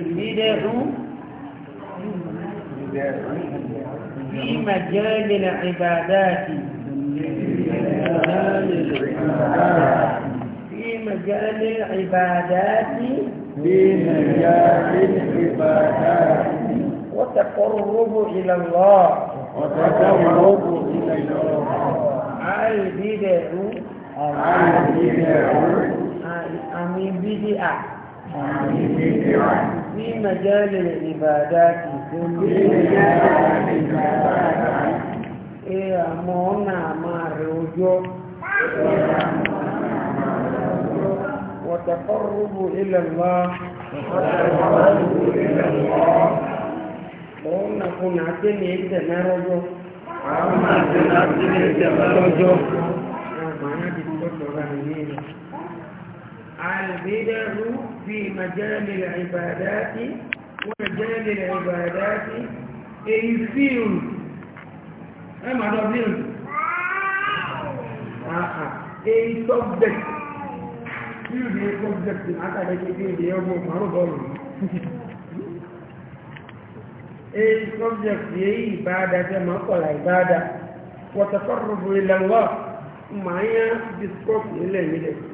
البدع في مجال العبادات في مجال العبادات في مجال العبادات وتقرب إلى الله وتقرب إلى الله البدع البدع عن في مجال العبادات كله أمونا ما الرجوع وتقرب إلى الله وتقرب إلى الله لأن كنا عتني إنت نرجو البدع في مجال العبادات ومجال العبادات الفيل أما آه أي صدق فيل أي صدق حتى لك فيل يوم مرض أي صدق في عبادة ما قل عبادة وتقرب إلى الله ما هي بسكوك إلى مدك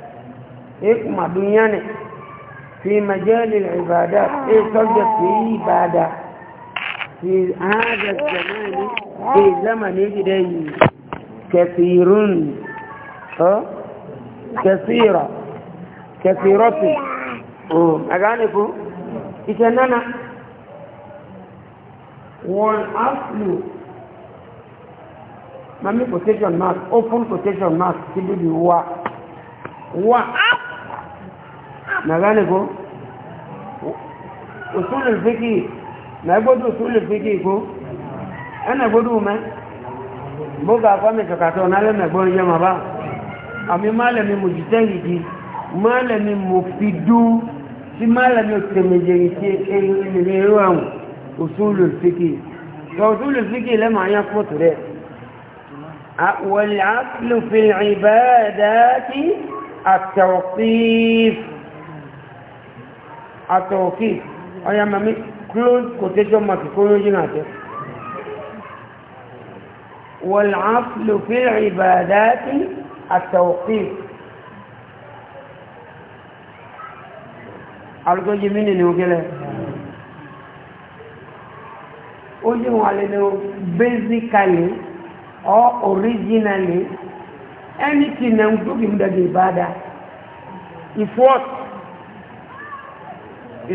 hikma duniani في مجال العبادات ايه ترجع في عبادة في هذا الزمان في زمن يجري كثير ها كثيرة كثيرة أغانيكو إتنانا والأصل ما من quotation mark open quotation mark تبدي هو هو na gane ko usulul fiki na gbọdọ usulul fiki ko ẹna gbọdọ mẹ bóga kwami kakatọ n'alẹ mẹgbọn yẹ ma ba àmì málẹmi mùsùtẹ́yìdì málẹmi mùfidú tí málẹmi òtẹ̀mẹ̀jẹ̀rì tí èyí ẹ̀rọ àwọn والعقل في العبادات التوقيف àtọ̀ọ̀kì ọya mami close quotation mark kóró yìí nà jẹ́ wọ̀làáfìlò fi ìbàdáàtì àtọ̀ọ̀kì alùgbọ́jì mínì ni ó gẹ́lẹ̀ ó yí wọn lè lọ basically or originally anything na ń gbógi mú dàgbé ìbádá if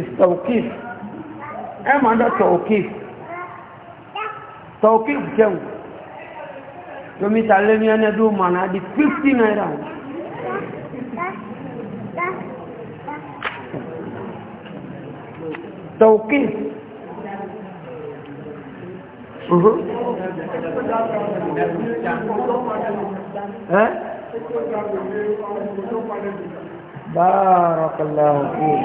is tawkif ẹ máa ń dọ́ tawkif tawkif jẹun tomi ta lé ní ẹni ẹdún mọ̀nà di fifty naira tawkif uh-huh. ẹ́ بارك الله فيك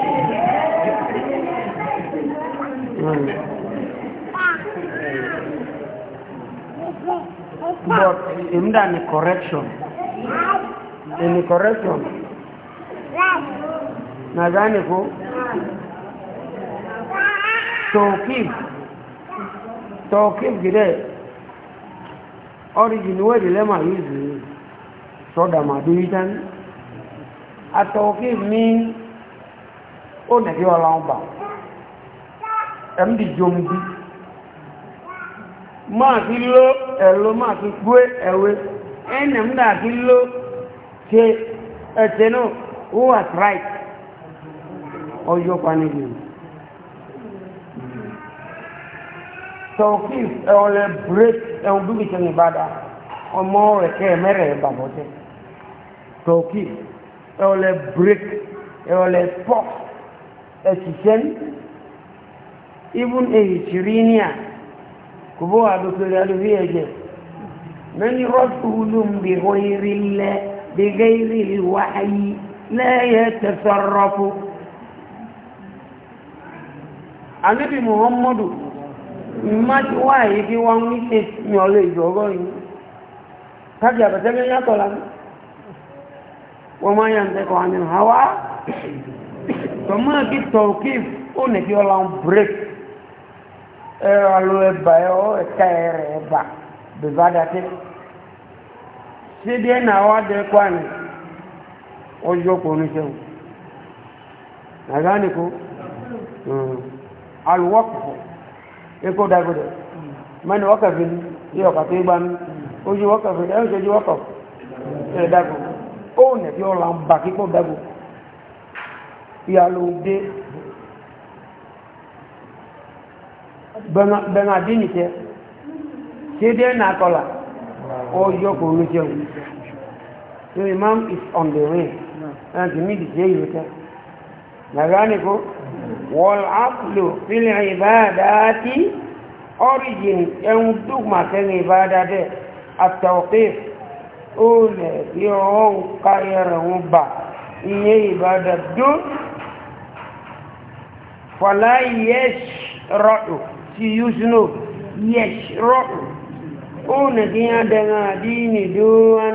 But in the correction, in the correction, nadhani ku tawkif tawkif gide origin word lema hizi soda maduitan atawfik means ó nẹ̀dí ọlọ́run bà ẹ̀mí dìjọm bí máa ti ló ẹ̀ló máa ti gbé ẹ̀wé ẹ̀nà múdà ti ló ṣe ẹ̀tẹ̀ náà who was right ọjọ́ panigin tawfik ẹ̀wọ̀lẹ̀ break ẹ̀wọ̀n bí kìí ṣe ní ìbádá ọmọ rẹ̀ kẹ́ ẹ̀mẹ́rẹ̀ ẹ̀bàbọ̀tẹ̀ tawfik ẹ̀wọ̀lẹ̀ break ẹ̀wọ̀lẹ̀ pop ẹ̀sìsẹ́ni even èyí tìrí ní à kò bó wà dókèrè alórí ẹ̀jẹ̀ mẹ́ni rọ́sùlùm bí hóyírí lẹ́ bí gẹ́rí muhammadu mmadu wáyé kí wọ́n ní ṣe ní ọlọ́ ìjọ́gọ́ yìí tábí àbẹ̀tẹ́gẹ́ yàtọ̀ وما ينطق عن الهوى فما في التوقيف ونك يولا بريك قالوا ابا يو كاير ابا بزادتك سيدي انا وادي كواني وجوكو نشو نغانيكو الوقف يكو داغو من وقف يوكا تيبان وجو وقف يوجو وقف داغو òun ẹ̀bí ọ̀rọ̀ àwọn bà kíkọ́ dágbò ìyàlóòdé bẹ̀rẹ̀dínì tẹ́ kéde nàkọlà ọjọ́ kò ní jẹun your imam is on the way and the mid is here tẹ́ nàgbáníkó wọ́láàpùlò fílẹ̀ ìbáadáti origin ẹ̀hùn dùgbà tẹ́ ní ìbáadá àtàwọ̀pẹ́ oòlẹ̀ bí ọwọ́ káyẹrẹ wọn bà iye ìbádà dó fọ̀lá yẹ́ṣ rọ̀dù ti yúsùnò yẹ́ṣ rọ̀dù oòlẹ̀ kí yá dẹ̀nà àdínì dóhán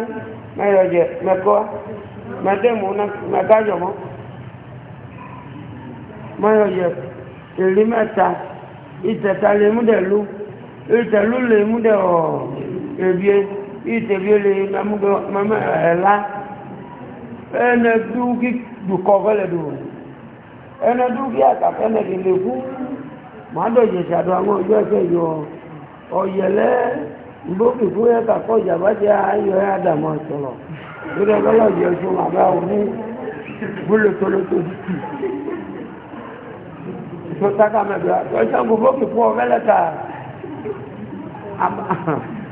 mẹ́rọ̀jẹ̀ mẹ́kọ́ mẹ́tẹ́mù mẹ́kájọ̀mọ́ mẹ́rọ̀jẹ̀ èrí mẹ́ta ìtẹ̀ta lè múdẹ̀ lú ìtẹ̀lú lè múdẹ̀ ọ̀ èbíẹ́ ìtẹ̀lẹ́lẹ́ mọ́mọ́ ẹ̀lá ẹnẹ dúkí dùkọ́ fẹ́lẹ̀ dùn ẹnẹ dúkí àtàkẹ́nẹ̀ kì lè kú mọ́dọ̀jẹ̀ ṣàdọ̀ àwọn ọjọ́ ìṣẹ́jọ ọ̀yẹ̀lẹ́ ìgbókì fún ẹ̀ka kọjà bá jẹ́ ayọ̀ ẹ̀ àdàmọ̀ ìṣọ̀lọ̀ lórí ọlọ́lọ́jẹ̀ oṣù màbá òní gbólótólótó tó tákà mẹ́bẹ̀rẹ̀ ọjọ́ ìgbókì fún ọ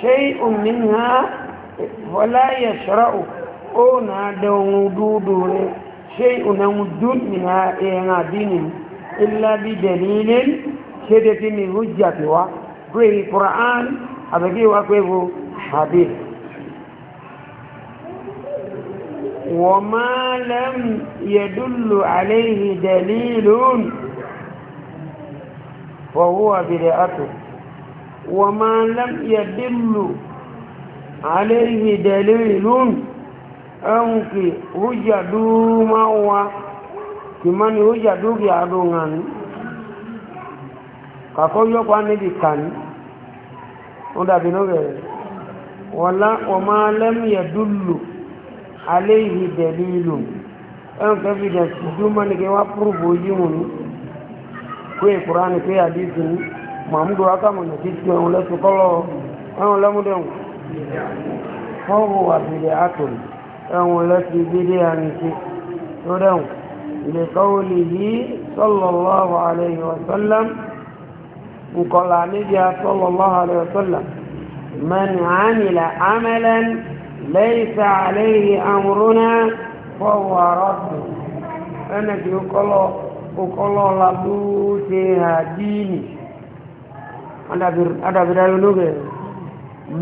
شيء منها ولا يشرع او نادو دودو شيء نمدود منها اينا دين إلا بدليل شدت من هجة وكوه القرآن أبقي وكوه حديث وما لم يدل عليه دليل فهو بدعته وما لم يدل عليه دليل أنك وجدوا ما هو كمان وجدوا يعدون kakọ́ yọ́pọ̀ níbi kàní ó dàbí ló bẹ̀rẹ̀ wọ́n máa lẹ́mí ẹ̀dúlù alẹ́ ìhì bẹ̀lú ìlú ẹ̀hùn kẹfìdẹ̀ ìdúmọ́ ní kí wá púrùbù ojú mú ní kó ìkùránì kó àdíjì ní mọ̀mùdù akámọ̀nà títí ẹ̀hùn lẹ́sùn kọ́lọ̀ ẹ̀hùn lẹ́múdẹ̀hùn fọ́wọ́ àbìlẹ̀ àtòrì ẹ̀hùn lẹ́sùn gbédé àníṣe tó dẹ̀hùn ilẹ̀ kọ́wọ́lì yìí sọ́lọ̀lọ́wọ́ àlẹ́yìn ọ̀sọ́lẹ́m nkọ̀lá níbi sọ́lọ̀lọ́wọ́ àlẹ́yìn ọ̀sọ́lẹ́m mẹ́ni àmìlà àmẹ́lẹ́n lẹ́yìnsà àlẹ́yìn àmúrúnà fọ́wọ́ àrọ́bù ẹnì adàbìdáyé olóògbé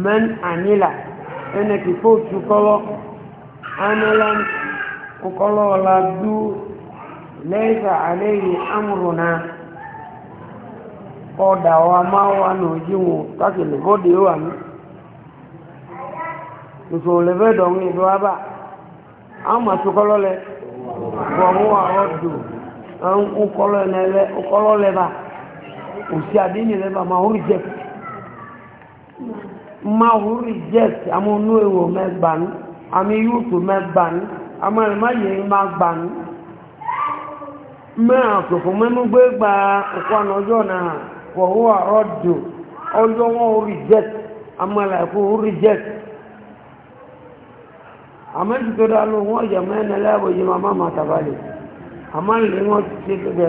mẹ́n ànílà ẹnẹ̀kì fóòtù kọ́lọ́ anẹ́lá kọ́lọ́ ọ̀la dú lẹ́ẹ̀sà àlẹ́yìn amúrùnà ọ̀dà wa máa wà ní ojú wọn káàkiri bọ́dé wà ní ìṣòro lẹ́fẹ̀dọ̀ ń ìlú abá àmà tó kọ́lọ́ lẹ bọ̀mú àwọn ọdún ń kọ́lọ́ lẹ́ba. òsì àdínì rẹ̀ bá máa ń reject máa ń reject àmọ́ inú èrò mẹ́gbà ní àmì yúùtù mẹ́gbà ní àmọ́ máa gbà ní àtòkò mẹ́mú gba ọ̀pọ̀nà ọjọ́ náà wọ̀húwà rọ́dù ọjọ́ wọn ó reject àmọ́ ẹ̀kọ́ ó reject àmọ́ ìtò dá ló wọ́n mẹ́rin ẹlẹ́bùn yìí máa má màtàbálẹ̀ àmọ́ ìlú ti ṣe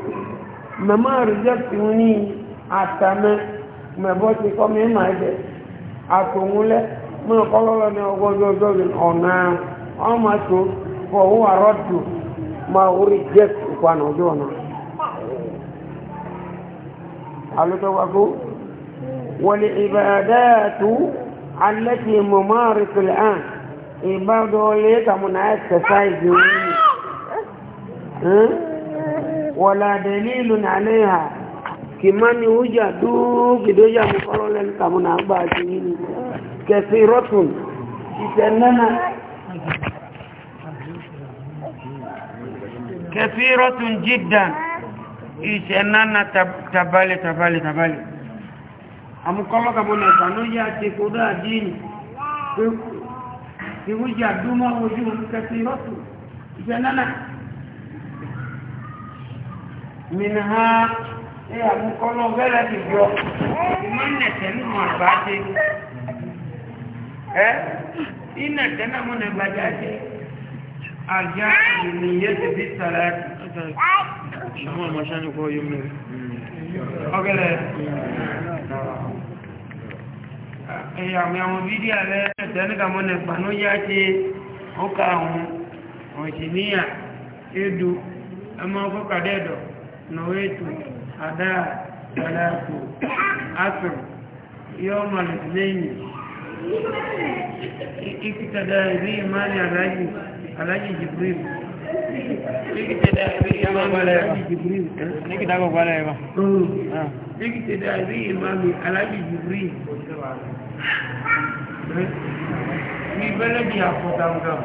mama reject ni atame me bo ti ko mi ma de atunule mo ko lo ni ogo jo jo ni ona o ma to for who are roddu ma o reject kwa no jo na alu to wa ko wal ibadatu allati wala dalilun alaiha kimani huja du kidoja mkolole kamuna baadhi nini kathiratun kitanana kathiratun jiddan isenana tabali tabali tabali amukolo kamuna kanuja tikuda dini kihuja duma wujum kathiratun isenana minha a mìnà ẹ àmúkọ́lọ́ bẹ́rẹ̀ ti yọ ìmọ̀nẹ̀tẹ̀ nínú àbájẹ́ ẹ́ ìnẹ̀tẹ̀ náà mọ́nà gbàjá jẹ́ àjá ìrìnìyẹ́ ti a sàrà àwọn ọmọṣánukọ yóò mẹ́rin ọgẹ́lẹ̀ ẹ̀yàmì àwọn fídíà rẹ̀ ẹ̀tẹ́ nígbà mọ́nà ìpànú yá jẹ́ ó ká àwọn ọ̀ṣìníyà édù ẹmọ ọkọ̀ kàdẹ́dọ̀ نويت أداء صلاة عصر يوم الاثنين اقتدى بي مانع الحج الحج جبريل اقتدى بي امام الحج جبريل اقتدى بي امام الحج جبريل في بلدي أفضل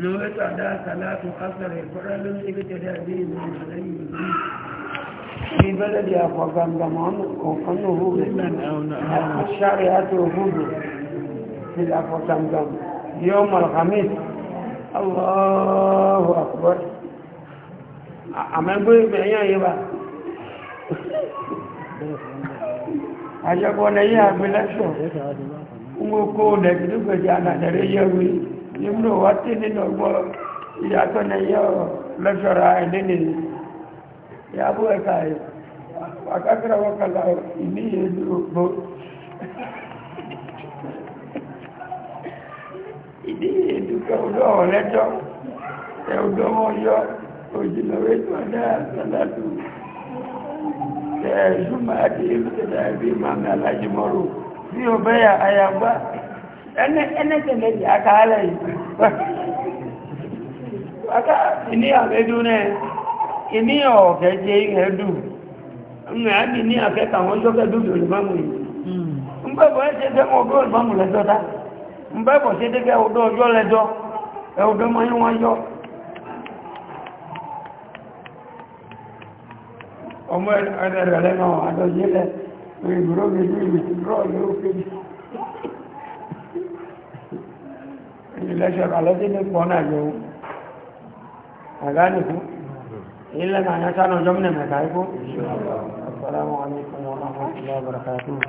نويت أداء صلاة قصر الفرل ابتداء به من عليه في بلد أفغان دمان وقنه الشريعة وجوده في الأفغان دم يوم الخميس الله أكبر أما بوي بعيان يبا أجاب ونيا بلاشو Mo kó o dẹ̀gbẹ̀dúgbẹ̀dẹ̀ àdàdàrẹ́ yẹ́ wí nígbò wá tí nínú ọgbọ́ ìyàtọ̀ ní yọ lọ́ṣọ́ra ẹ̀dẹ́ nìyí ìyàbó ẹ̀ka àkákẹ́rẹ́ wọ́kàlá ìní ìlú ògbó ìdí ìdúkẹ́ ọdọ́ ọ̀lẹ́jọ́ ẹ̀ọdọ́ wọn yọ òjìlọ̀wé tó ọdẹ́ àtàlátù ẹ̀ẹ́dùnmáà tí ìlú tẹ̀lé ẹ̀bí màmí alájìmọ́rò bí ọbẹ̀ àyàgbá ẹnẹ ẹnẹ tẹ̀lé jẹ́ yìí aká ìní àfẹ́dú náà ìní ọ̀kẹ́ jẹ́ ẹ̀dù ńlẹ̀ àti ní àfẹ́kà wọn ṣọ́kẹ́ dúdú olùmọ́mù mbẹ́bọ̀ ẹ̀ ṣe fẹ́ wọn ọdún election alẹ́sí ní pọ̀ náà yóò àgánìkú ilẹ̀ náà yẹn sánà ọjọ́ mìíràn mẹ́ta